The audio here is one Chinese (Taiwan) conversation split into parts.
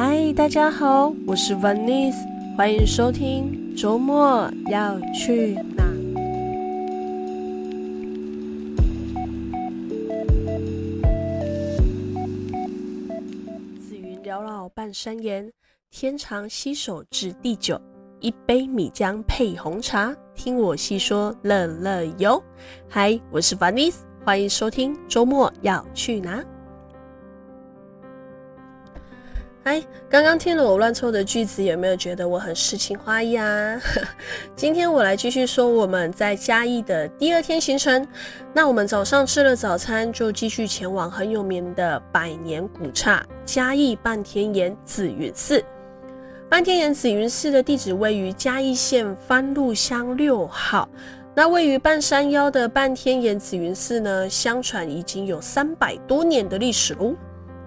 嗨，Hi, 大家好，我是 Vanice，歡迎收聽周末要去哪。紫雲繚繞半山巖，天長攜手至地久，一杯米漿配紅茶，聽我細說樂樂遊。嗨，我是 Vanice，歡迎收聽周末要去哪。剛剛聽了我亂湊的句子，有沒有覺得我很詩情畫意啊？ 今天我來繼續說我們在嘉義的第二天行程。那我們早上吃了早餐，就繼續前往很有名的百年古剎嘉義半天岩紫雲寺。半天岩紫雲寺的地址位於嘉義縣番路鄉六號。那位於半山腰的半天岩紫雲寺呢，相傳已經有三百多年的歷史嘍、哦。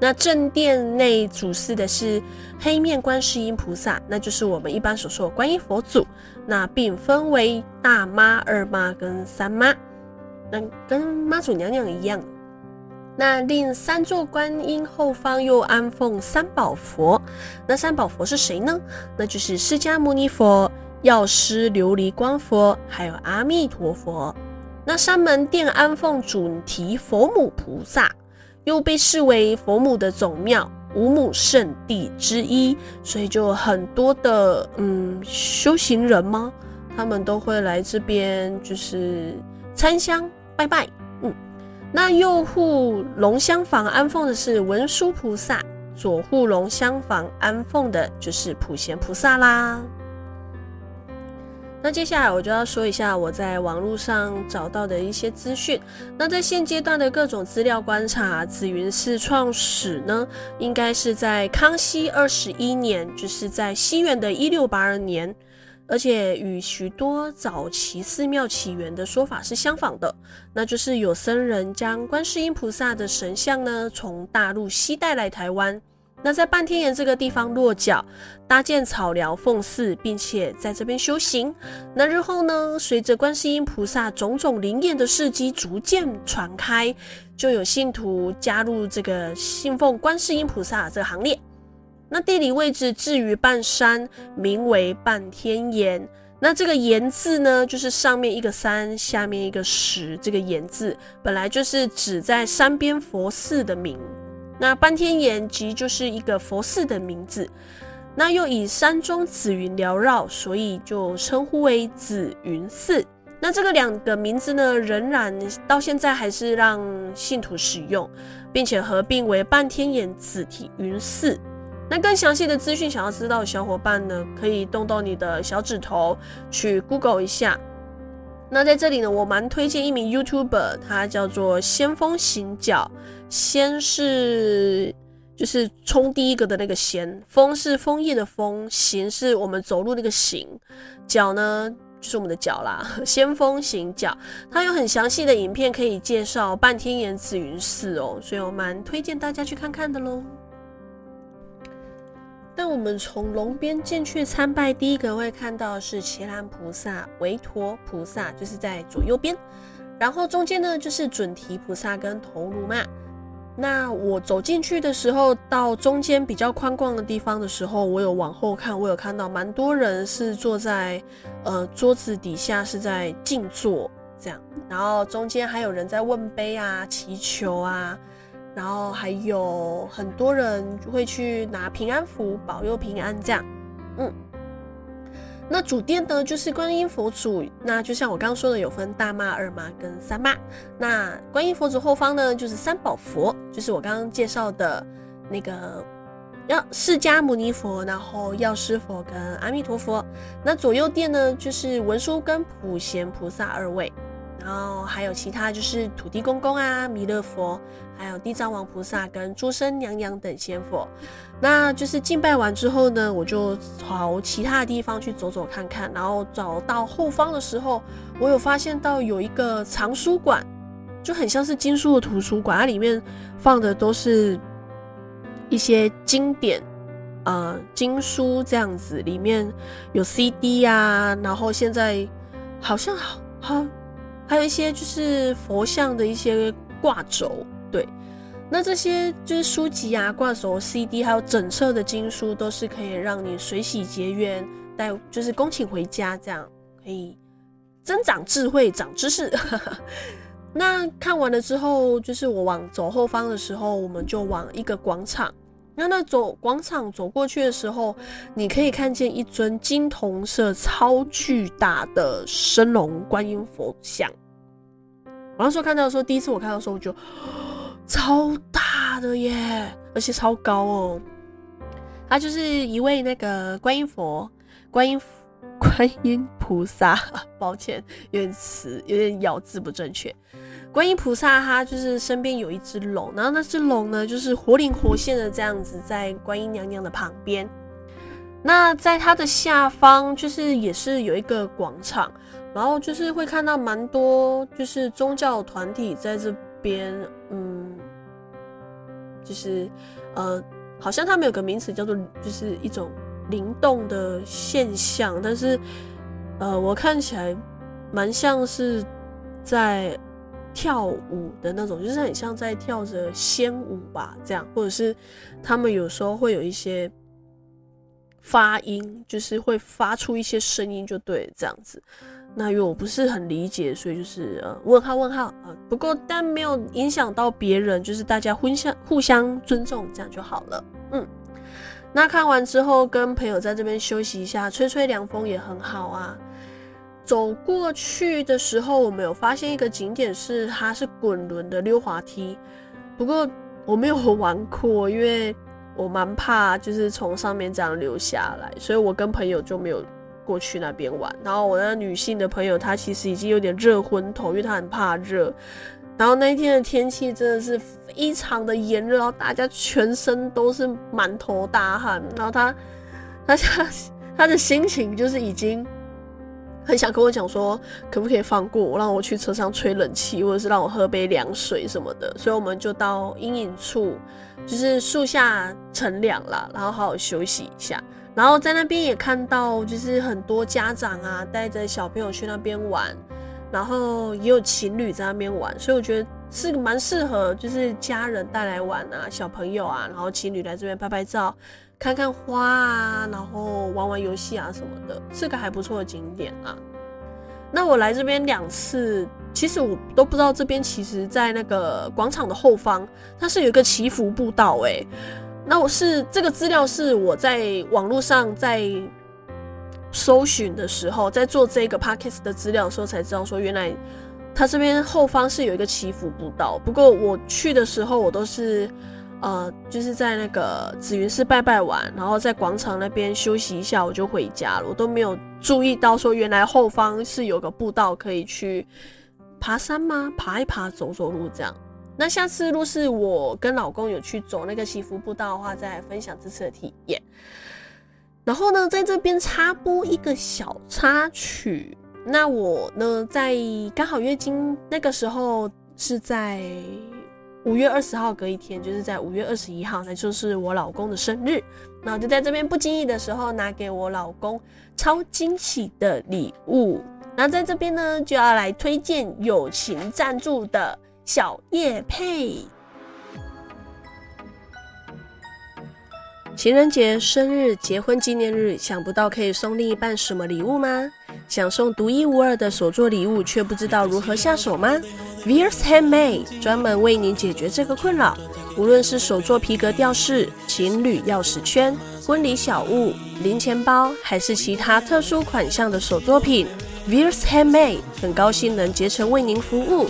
那正殿內主祀的是黑面觀世音菩薩，那就是我們一般所說的觀音佛祖。那並分為大媽、二媽跟三媽，那跟媽祖娘娘一樣。那另三座觀音後方又安奉三寶佛。那三寶佛是誰呢？那就是釋迦牟尼佛、藥師琉璃光佛，還有阿彌陀佛。那三門殿安奉準提佛母菩薩。又被視為佛母的總廟，五母聖地之一，所以就很多的嗯修行人嘛，他們都會來這邊就是參香拜拜。嗯，那右護龍香房安奉的是文殊菩薩，左護龍香房安奉的就是普賢菩薩啦。那接下來我就要說一下我在網絡上找到的一些資訊。那在現階段的各種資料觀察，紫雲寺創始呢，應該是在康熙二十一年，就是在西元的一六八二年，而且與許多早期寺廟起源的說法是相仿的，那就是有僧人將觀世音菩薩的神像呢，從大陸西帶來台灣。那在半天岩這個地方落腳，搭建草寮奉祀，並且在這邊修行。那日後呢，隨着觀世音菩薩種種靈驗的事迹逐漸傳開，就有信徒加入這個信奉觀世音菩薩這個行列。那地理位置置於半山，名為半天岩。那這個“岩”字呢，就是上面一個山，下面一個石。這個“岩”字本來就是指在山邊佛寺的名。那半天巖其實就是一個佛寺的名字，那又以山中紫雲繚繞，所以就稱呼為紫雲寺。那這個兩個名字呢，仍然到現在還是讓信徒使用，並且合併為半天巖紫體雲寺。那更詳細的資訊，想要知道的小伙伴呢，可以動動你的小指頭去 Google 一下。那在這裡呢，我蠻推薦一名 YouTuber，他叫做先鋒行腳。先是就是衝第一個的那個“先”，風是楓葉的“風”，行是我們走路那個形“行”，腳呢就是我們的腳啦。先鋒行腳，它有很詳細的影片可以介紹半天岩紫雲寺哦，所以我蠻推薦大家去看看的嘍。但我們從龍邊進去參拜，第一個會看到是伽藍菩薩、韋陀菩薩，就是在左右邊，然後中間呢就是准提菩薩跟頭顱嘛。那我走進去的時候，到中間比較寬廣的地方的時候，我有往後看，我有看到蠻多人是坐在，呃桌子底下是在靜坐這樣，然後中間還有人在問杯啊、祈求啊，然後還有很多人會去拿平安符保佑平安這樣，嗯。那主殿呢，就是觀音佛祖。那就像我剛剛說的，有分大媽、二媽跟三媽。那觀音佛祖後方呢，就是三寶佛，就是我剛剛介紹的那個，要釋迦牟尼佛，然後藥師佛跟阿彌陀佛。那左右殿呢，就是文殊跟普賢菩薩二位。然後還有其他就是土地公公啊、彌勒佛，還有地藏王菩薩跟註生娘娘等仙佛。那就是敬拜完之後呢，我就朝其他的地方去走走看看。然後找到後方的時候，我有發現到有一個藏書館，就很像是經書的圖書館，它裡面放的都是一些經典，呃，經書這樣子。裡面有 CD 啊，然後現在好像好好。還有一些就是佛像的一些掛軸，對，那這些就是書籍啊、掛軸、CD，還有整冊的經書，都是可以讓你隨喜結緣，帶就是恭請回家，這樣可以增長智慧、長知識。 那看完了之後，就是我往左後方的時候，我們就往一個廣場。那那走廣場走過去的時候，你可以看見一尊金銅色超巨大的神龍觀音佛像。我那時候看到的時候，第一次我看到的時候，我就哦，超大的耶，而且超高哦。他就是一位那個觀音佛，觀音觀音菩薩，抱歉，有點詞，有點咬字不正確。觀音菩薩，他就是身邊有一隻龍，然後那只龍呢，就是活靈活現的這樣子在觀音娘娘的旁邊。那在它的下方，就是也是有一個廣場。然後就是會看到蠻多，就是宗教團體在這邊，嗯，就是呃，好像他們有個名詞叫做，就是一種靈動的現象，但是呃，我看起來蠻像是在跳舞的那種，就是很像在跳着仙舞吧，這樣，或者是他們有時候會有一些。發音就是會發出一些聲音就對，這樣子。那因為我不是很理解，所以就是呃問號問號啊、嗯。不過但沒有影響到別人，就是大家互相互相尊重這樣就好了。嗯，那看完之後跟朋友在這邊休息一下，吹吹涼風也很好啊。走過去的時候，我們有發現一個景點是它是滾輪的溜滑梯，不過我沒有玩過，因為。我蠻怕，就是從上面這樣流下來，所以我跟朋友就沒有過去那邊玩。然後我那女性的朋友，她其實已經有點熱昏頭，因為她很怕熱。然後那一天的天氣真的是非常的炎熱，然後大家全身都是滿頭大汗，然後她，她她她的心情就是已經。很想跟我講說，可不可以放過我，讓我去車上吹冷氣，或者是讓我喝杯涼水什麼的。所以我們就到陰影處，就是樹下乘涼了，然後好好休息一下。然後在那邊也看到，就是很多家長啊帶着小朋友去那邊玩，然後也有情侶在那邊玩。所以我覺得是蠻適合，就是家人帶來玩啊，小朋友啊，然後情侶來這邊拍拍照。看看花啊，然後玩玩遊戲啊什麼的，這個還不錯的景點啊。那我來這邊兩次，其實我都不知道這邊其實，在那個廣場的後方，它是有一個祈福步道誒、欸，那我是這個資料是我在網絡上在搜尋的時候，在做這個 Podcast 的資料的時候才知道說，原來它這邊後方是有一個祈福步道。不過我去的時候，我都是。呃，就是在那個紫雲寺拜拜完，然後在廣場那邊休息一下，我就回家了。我都沒有注意到，說原來後方是有個步道可以去爬山嗎？爬一爬，走走路這樣。那下次若是我跟老公有去走那個祈福步道的話，再來分享這次的體驗、yeah。然後呢，在這邊插播一個小插曲。那我呢，在剛好月經那個時候是在。五月二十號隔一天，就是在五月二十一號，那就是我老公的生日。那我就在這邊不經意的時候拿給我老公超驚喜的禮物。那在這邊呢，就要來推薦友情贊助的小葉佩。情人節、生日、結婚紀念日，想不到可以送另一半什麼禮物嗎？想送獨一無二的手作禮物，卻不知道如何下手嗎？Vier's Handmade 專門為您解決這個困擾，無論是手作皮革吊飾、情侶鑰匙圈、婚禮小物、零錢包，還是其他特殊款項的手作品，Vier's Handmade 很高興能竭誠為您服務。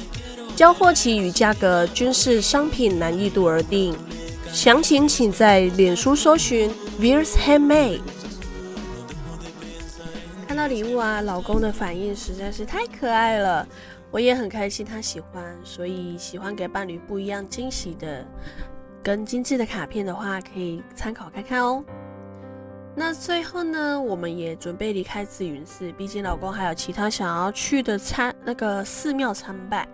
交貨期與價格均視商品難易度而定，詳情請在臉書搜尋 Vier's Handmade。看到禮物啊，老公的反應實在是太可愛了。我也很開心，他喜歡，所以喜歡給伴侶不一樣驚喜的，跟精致的卡片的話，可以參考看看哦。那最後呢，我們也準備離開紫雲寺，畢竟老公還有其他想要去的參那個寺廟參拜。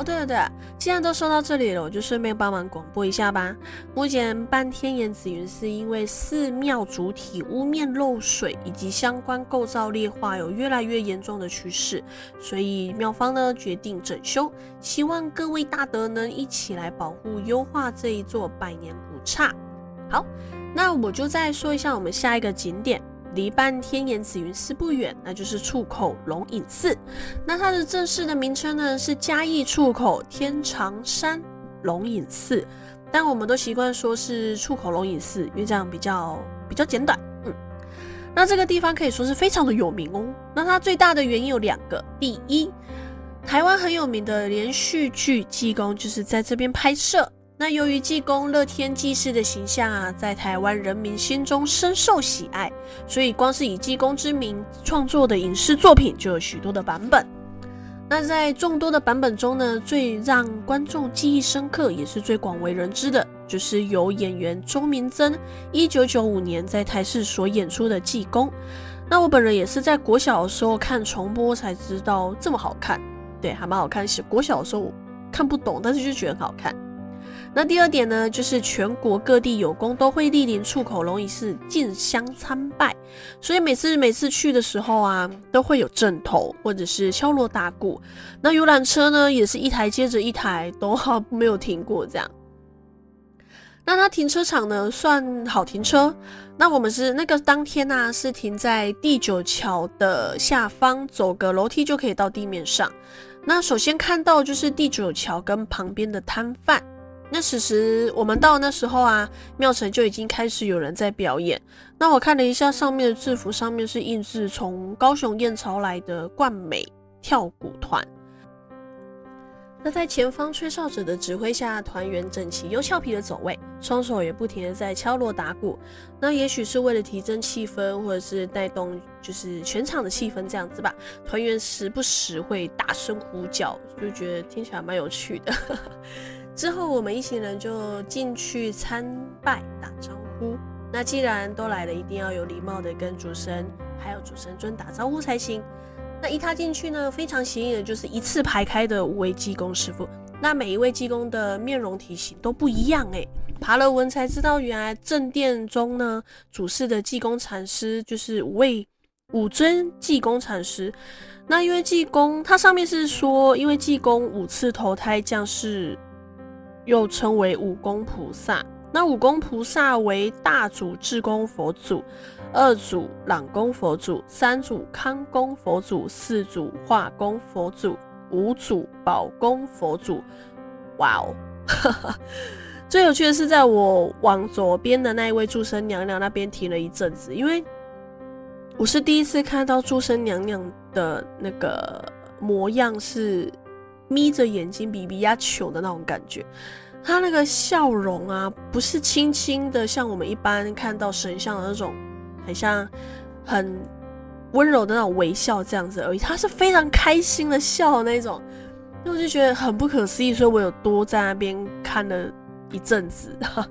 哦、oh, 對對對，既然都說到這裡了，我就順便幫忙廣播一下吧。目前半天岩紫雲寺因為寺廟主體屋面漏水以及相關構造裂化有越來越嚴重的趨勢，所以廟方呢決定整修，希望各位大德能一起來保護優化這一座百年古剎。好，那我就再說一下我們下一個景點。離半天岩紫雲寺不遠，那就是觸口龍隱寺。那它的正式的名稱呢是嘉義觸口天長山龍隱寺，但我們都習慣說是觸口龍隱寺，因為這樣比較比較簡短。嗯，那這個地方可以說是非常的有名哦。那它最大的原因有兩個：第一，台灣很有名的連續劇《濟公》就是在這邊拍攝。那由於濟公樂天濟世的形象啊，在台灣人民心中深受喜愛，所以光是以濟公之名創作的影視作品就有許多的版本。那在眾多的版本中呢，最讓觀眾記憶深刻，也是最廣為人知的，就是由演員周明增一九九五年在台視所演出的《濟公》。那我本人也是在國小的時候看重播才知道這麼好看，對，還蠻好看。是國小的時候我看不懂，但是就覺得很好看。那第二點呢，就是全國各地有功都會蒞臨觸口龍隱寺進香參拜。所以每次每次去的時候啊，都會有陣頭或者是敲鑼打鼓。那遊覽車呢，也是一台接着一台，都好沒有停過這樣。那它停車場呢，算好停車。那我們是那個當天呢、啊，是停在地久橋的下方，走個樓梯就可以到地面上。那首先看到就是地久橋跟旁邊的攤販。那此時我們到那時候啊，廟埕就已經開始有人在表演。那我看了一下上面的制服，上面是印製從高雄燕巢來的冠美跳鼓團。那在前方吹哨者的指揮下，團員整齊又俏皮的走位，雙手也不停的在敲鑼打鼓。那也許是為了提振氣氛，或者是帶動就是全場的氣氛這樣子吧。團員時不時會大聲呼叫，就覺得聽起來蠻有趣的。 之後，我們一行人就進去參拜打招呼。那既然都來了，一定要有禮貌的跟主神還有主神尊打招呼才行。那一踏進去呢，非常顯眼的就是一次排開的五位濟公師傅。那每一位濟公的面容體型都不一樣。哎，爬了文才知道，原來正殿中呢，主事的濟公禪師就是五位五尊濟公禪師。那因為濟公，他上面是說，因為濟公五次投胎降世。又稱為五公菩薩，那五公菩薩為大祖智公佛祖、二祖朗公佛祖、三祖康公佛祖、四祖化公佛祖、五祖寶公佛祖。哇哦， 最有趣的是，在我往左邊的那一位註生娘娘那邊停了一陣子，因為我是第一次看到註生娘娘的那個模樣是。眯着眼睛，比比呀求的那種感覺，他那個笑容啊，不是輕輕的像我們一般看到神像的那種，很像很溫柔的那種微笑這樣子而已，他是非常開心的笑的那種，所以我就覺得很不可思議，所以我有多在那邊看了一陣子。呵呵。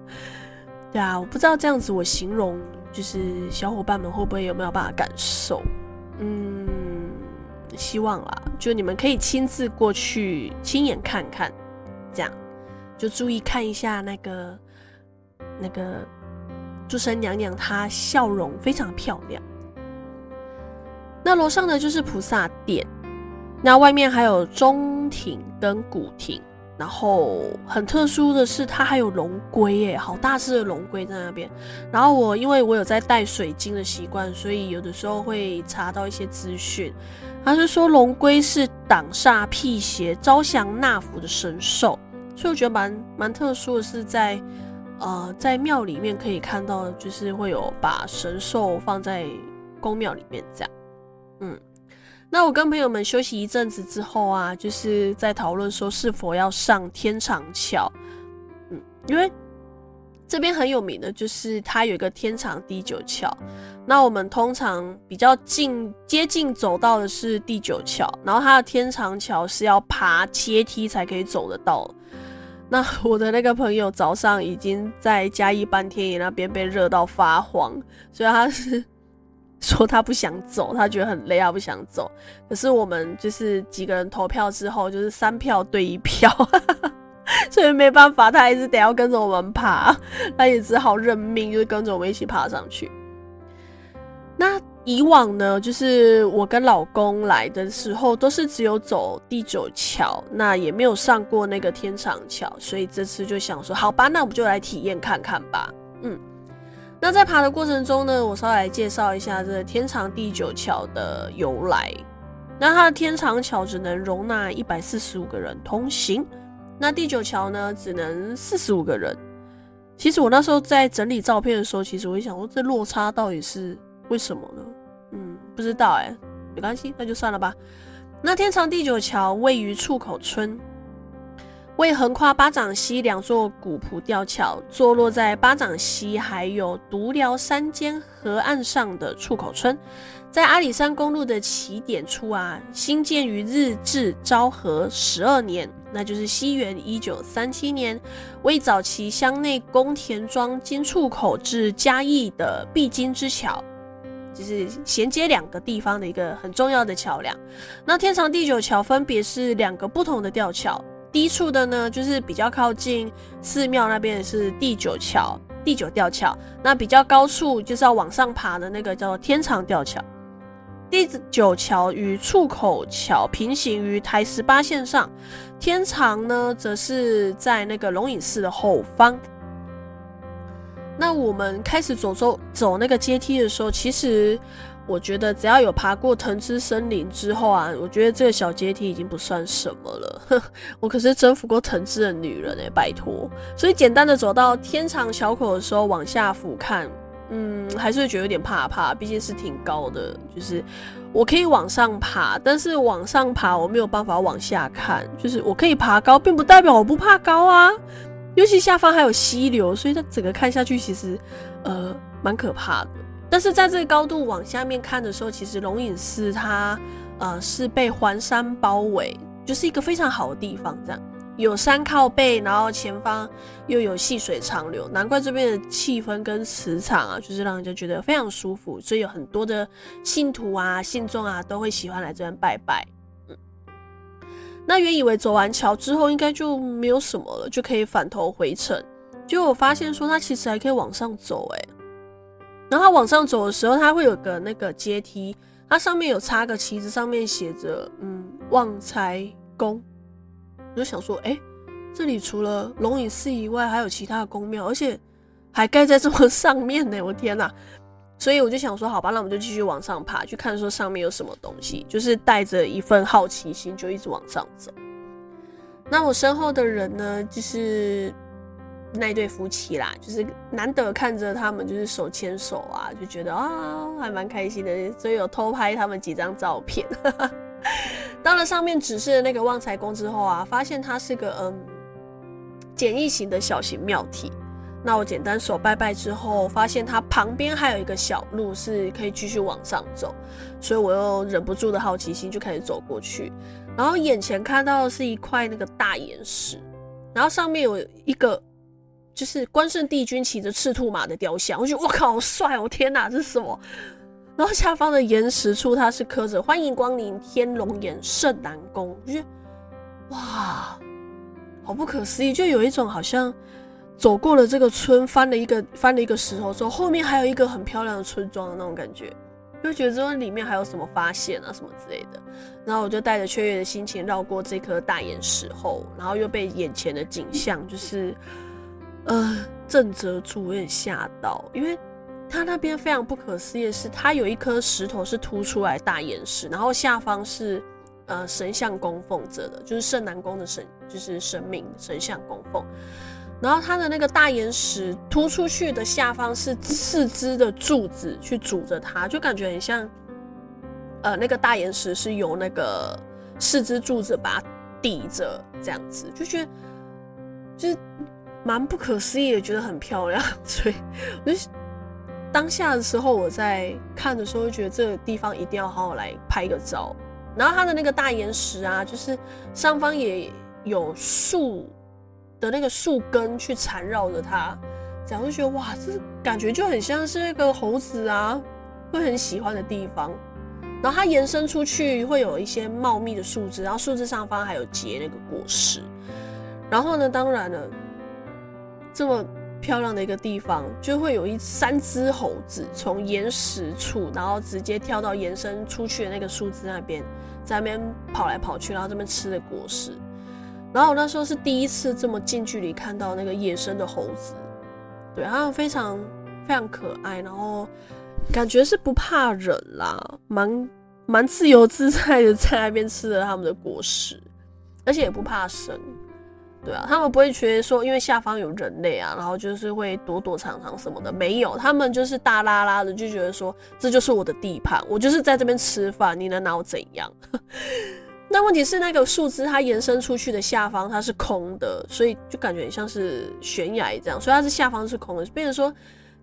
對啊，我不知道這樣子我形容，就是小伙伴們會不會有沒有辦法感受？嗯。希望啦，就你們可以親自過去親眼看看，這樣就注意看一下那個那個註生娘娘，她笑容非常漂亮。那樓上呢就是菩薩殿，那外面還有鐘亭跟鼓亭。然後很特殊的是，它還有龍龜耶，好大只的龍龜在那邊。然後我因為我有在戴水晶的習慣，所以有的時候會查到一些資訊，他是說龍龜是擋煞辟邪、招祥納福的神獸，所以我覺得蠻蠻特殊的是在，呃，在廟裡面可以看到，就是會有把神獸放在宮廟裡面這樣，嗯。那我跟朋友們休息一陣子之後啊，就是在討論說是否要上天長橋。嗯，因為這邊很有名的就是它有一個天長地久橋。那我們通常比較近接近走到的是地久橋，然後它的天長橋是要爬階梯才可以走得到。那我的那個朋友早上已經在嘉義半天巖那邊被熱到發黃，所以他是。說他不想走，他覺得很累啊，他不想走。可是我們就是幾個人投票之後，就是三票對一票， 所以沒辦法，他還是得要跟着我們爬，他也只好認命，就是跟着我們一起爬上去。那以往呢，就是我跟老公來的時候，都是只有走地久橋，那也沒有上過那個天長橋，所以這次就想說，好吧，那我們就來體驗看看吧。嗯。那在爬的過程中呢，我稍微來介紹一下這天長地久橋的由來。那它的天長橋只能容納一百四十五個人通行，那地久橋呢，只能四十五個人。其實我那時候在整理照片的時候，其實我也想說這落差到底是為什麼呢？嗯，不知道哎、欸，沒關係，那就算了吧。那天長地久橋位於觸口村。為橫跨八掌溪兩座古樸吊橋，坐落在八掌溪還有獨寮山間河岸上的觸口村，在阿里山公路的起點處啊，興建於日治昭和十二年，那就是西元一九三七年，為早期鄉內公田莊經觸口至嘉義的必經之橋，就是銜接兩個地方的一個很重要的橋梁。那天長地久橋分別是兩個不同的吊橋。低處的呢，就是比較靠近寺廟那邊是地久橋、地久吊橋，那比較高處就是要往上爬的那個叫做天長吊橋。地久橋與觸口橋平行於台十八線上，天長呢，則是在那個龍隱寺的後方。那我們開始走走走那個階梯的時候，其實我覺得只要有爬過藤枝森林之後啊，我覺得這個小階梯已經不算什麼了。呵，我可是征服過藤枝的女人誒、欸，拜託！所以簡單的走到天長小口的時候，往下俯瞰，嗯，還是會覺得有點怕怕，畢竟是挺高的。就是我可以往上爬，但是往上爬我沒有辦法往下看。就是我可以爬高，並不代表我不怕高啊。尤其下方還有溪流，所以它整個看下去其實，呃，蠻可怕的。但是在這個高度往下面看的時候，其實龍隱寺它，呃，是被環山包圍，就是一個非常好的地方。這樣有山靠背，然後前方又有細水長流，難怪這邊的氣氛跟磁場啊，就是讓人家覺得非常舒服。所以有很多的信徒啊、信眾啊，都會喜歡來這邊拜拜。那原以為走完橋之後應該就沒有什麼了，就可以返頭回程，結果我發現說它其實還可以往上走，欸，誒，然後他往上走的時候，它會有個那個階梯，它上面有插個旗子，上面寫着“嗯旺財宮”。我就想說，誒、欸、這裡除了龍影寺以外，還有其他的宮廟，而且還蓋在這麼上面呢，欸！我天哪，啊！所以我就想說，好吧，那我們就繼續往上爬，去看說上面有什麼東西，就是帶着一份好奇心，就一直往上走。那我身後的人呢，就是那一對夫妻啦，就是難得看着他們就是手牽手啊，就覺得啊還蠻開心的，所以有偷拍他們幾張照片。 到了上面指示的那個旺財宮之後啊，發現它是個嗯簡易型的小型廟體。那我簡單手拜拜之後，發現它旁邊還有一個小路是可以繼續往上走，所以我又忍不住的好奇心就開始走過去，然後眼前看到的是一塊那個大巖石，然後上面有一個就是關聖帝君騎着赤兔馬的雕像，我覺得我靠好帥喔，我天哪這是什麼？然後下方的巖石處它是刻着“歡迎光臨天龍巖聖南宮”，我覺得哇好不可思議，就有一種好像。走過了這個村，翻了一個翻了一個石頭，之後後面還有一個很漂亮的村莊的那種感覺，就覺得這裡面還有什麼發現啊什麼之類的。然後我就帶着雀躍的心情繞過這顆大岩石後，然後又被眼前的景象就是， 呃，震懾住，有點嚇到。因為它那邊非常不可思議的是，它有一顆石頭是凸出來大岩石，然後下方是呃神像供奉着的，就是聖南宮的神，就是神明神像供奉。然後它的那個大岩石突出去的下方是四支的柱子去拄着它，就感覺很像，呃，那個大岩石是由那個四支柱子把它抵着，這樣子就覺得就是蠻不可思議的，覺得很漂亮。所以就當下的時候我在看的時候，覺得這個地方一定要好好來拍一個照。然後它的那個大岩石啊，就是上方也有樹。的那個樹根去纏繞着它，然後就覺得哇，這感覺就很像是那個猴子啊，會很喜歡的地方。然後它延伸出去會有一些茂密的樹枝，然後樹枝上方還有結那個果實。然後呢，當然了，這麼漂亮的一個地方，就會有一三只猴子從岩石處，然後直接跳到延伸出去的那個樹枝那邊，在那邊跑來跑去，然後這邊吃的果實。然後我那時候是第一次這麼近距離看到那個野生的猴子，對，他們非常非常可愛，然後感覺是不怕人啦，蠻蠻自由自在的在那邊吃了他們的果實，而且也不怕生，對啊，他們不會覺得說因為下方有人類啊，然後就是會躲躲藏藏什麼的，沒有，他們就是大剌剌的就覺得說這就是我的地盤，我就是在這邊吃飯，你能拿我怎樣？ 但問題是，那個樹枝它延伸出去的下方它是空的，所以就感覺很像是懸崖這樣。所以它是下方是空的。變成說，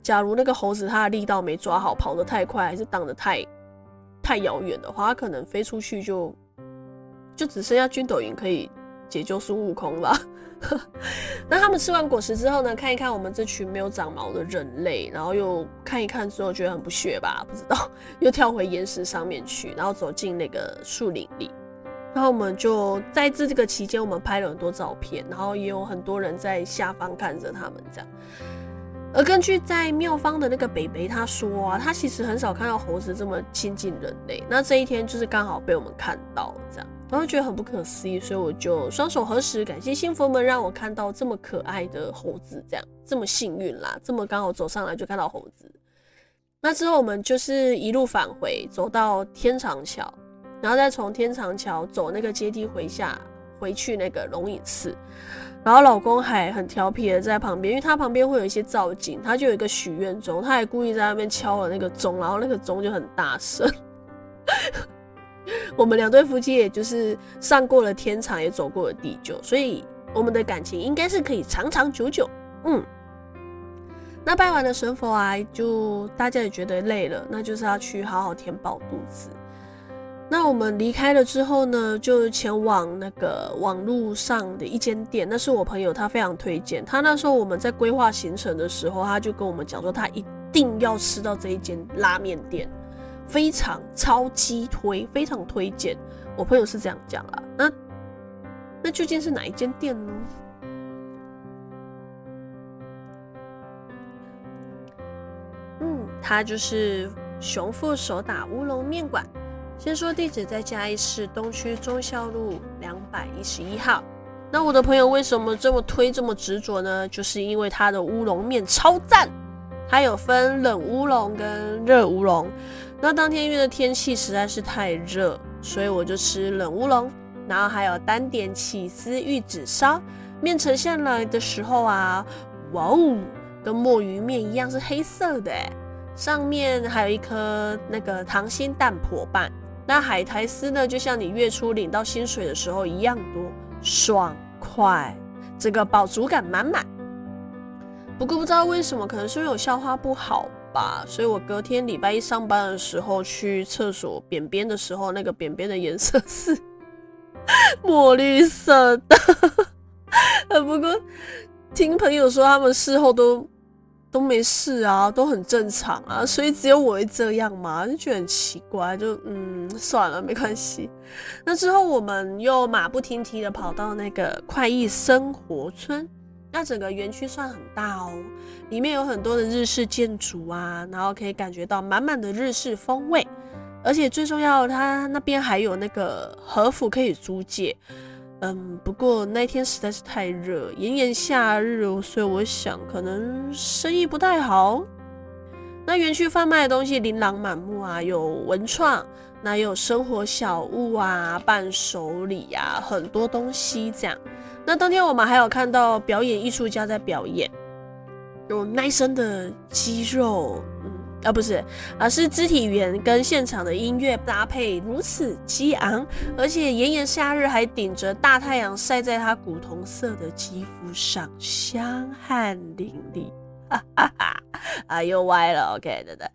假如那個猴子它的力道沒抓好，跑得太快，還是盪得太太遙遠的話，它可能飛出去就就只剩下筋斗雲可以解救孫悟空吧呵， 那他們吃完果實之後呢？看一看我們這群沒有長毛的人類，然後又看一看之後覺得很不屑吧？不知道，又跳回岩石上面去，然後走進那個樹林裡。然後我們就在這這個期間，我們拍了很多照片，然後也有很多人在下方看着他們這樣。而根據在廟方的那個北北他說啊，他其實很少看到猴子這麼親近人類，那這一天就是剛好被我們看到這樣，然後覺得很不可思議，所以我就雙手合十，感謝神佛們讓我看到這麼可愛的猴子這樣，這麼幸運啦，這麼剛好走上來就看到猴子。那之後我們就是一路返回，走到天長橋。然後再從天長橋走那個階梯回下，回去那個龍隱寺。然後老公還很調皮的在旁邊，因為他旁邊會有一些造景，他就有一個許願鐘，他還故意在那邊敲了那個鐘，然後那個鐘就很大聲。 我們兩對夫妻也就是上過了天長，也走過了地久，所以我們的感情應該是可以長長久久。嗯，那拜完了神佛啊，就大家也覺得累了，那就是要去好好填飽肚子。那我們離開了之後呢，就前往那個網路上的一間店，那是我朋友他非常推薦。他那時候我們在規劃行程的時候，他就跟我們講說，他一定要吃到這一間拉麵店，非常超級推，非常推薦。我朋友是這樣講啦、啊，嗯、啊，那究竟是哪一間店呢？嗯，它就是熊父手打烏龍麵館。先說地址，在嘉義市東區忠孝路兩百一十一號。那我的朋友為什麼這麼推這麼執着呢？就是因為他的烏龍麵超讚，它有分冷烏龍跟熱烏龍。那當天因為的天氣實在是太熱，所以我就吃冷烏龍。然後還有單點起司玉子燒。麵呈現來的時候啊，哇哦，跟墨魚麵一樣是黑色的，哎，上面還有一顆那個溏心蛋破半。那海苔絲呢？就像你月初領到薪水的時候一樣多，爽快，這個飽足感滿滿。不過不知道為什麼，可能是因為我消化不好吧，所以我隔天禮拜一上班的時候去廁所便便的時候，那個便便的顏色是墨 綠色的。 不過聽朋友說，他們事後都。都沒事啊，都很正常啊，所以只有我會這樣嘛，就覺得很奇怪，就嗯算了，沒關係。那之後我們又馬不停蹄的跑到那個快意生活村，那整個園區算很大哦，裡面有很多的日式建築啊，然後可以感覺到滿滿的日式風味，而且最重要它，它那邊還有那個和服可以租借。嗯，不過那天實在是太熱，炎炎夏日，所以我想可能生意不太好。那園區販賣的東西琳琅滿目啊，有文創，那也有生活小物啊，伴手禮啊，很多東西這樣。那當天我們還有看到表演藝術家在表演，有耐生的肌肉。嗯啊，不是，而、啊、是肢體語言跟現場的音樂搭配如此激昂，而且炎炎夏日還頂着大太陽曬在他古銅色的肌膚上，香汗淋漓。 啊，又歪了，OK，等等。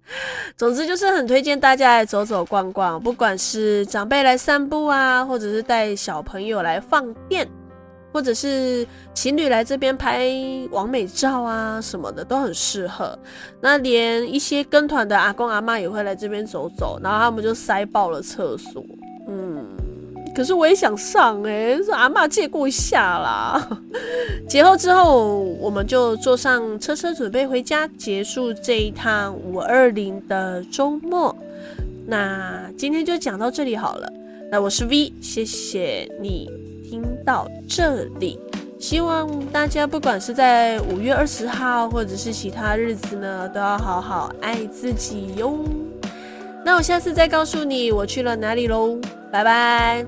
總之就是很推薦大家來走走逛逛，不管是長輩來散步啊，或者是帶小朋友來放電。或者是情侶來這邊拍網美照啊什麼的都很適合，那連一些跟團的阿公阿嬤也會來這邊走走，然後他們就塞爆了廁所。嗯，可是我也想上哎、欸，是阿嬤借過一下啦。節後之後，我們就坐上車車準備回家，結束這一趟五二零的週末。那今天就講到這裡好了。那我是 V，謝謝你。聽到這裡，希望大家不管是在五月二十號，或者是其他日子呢，都要好好愛自己喲。那我下次再告訴你我去了哪裡嘍，拜拜。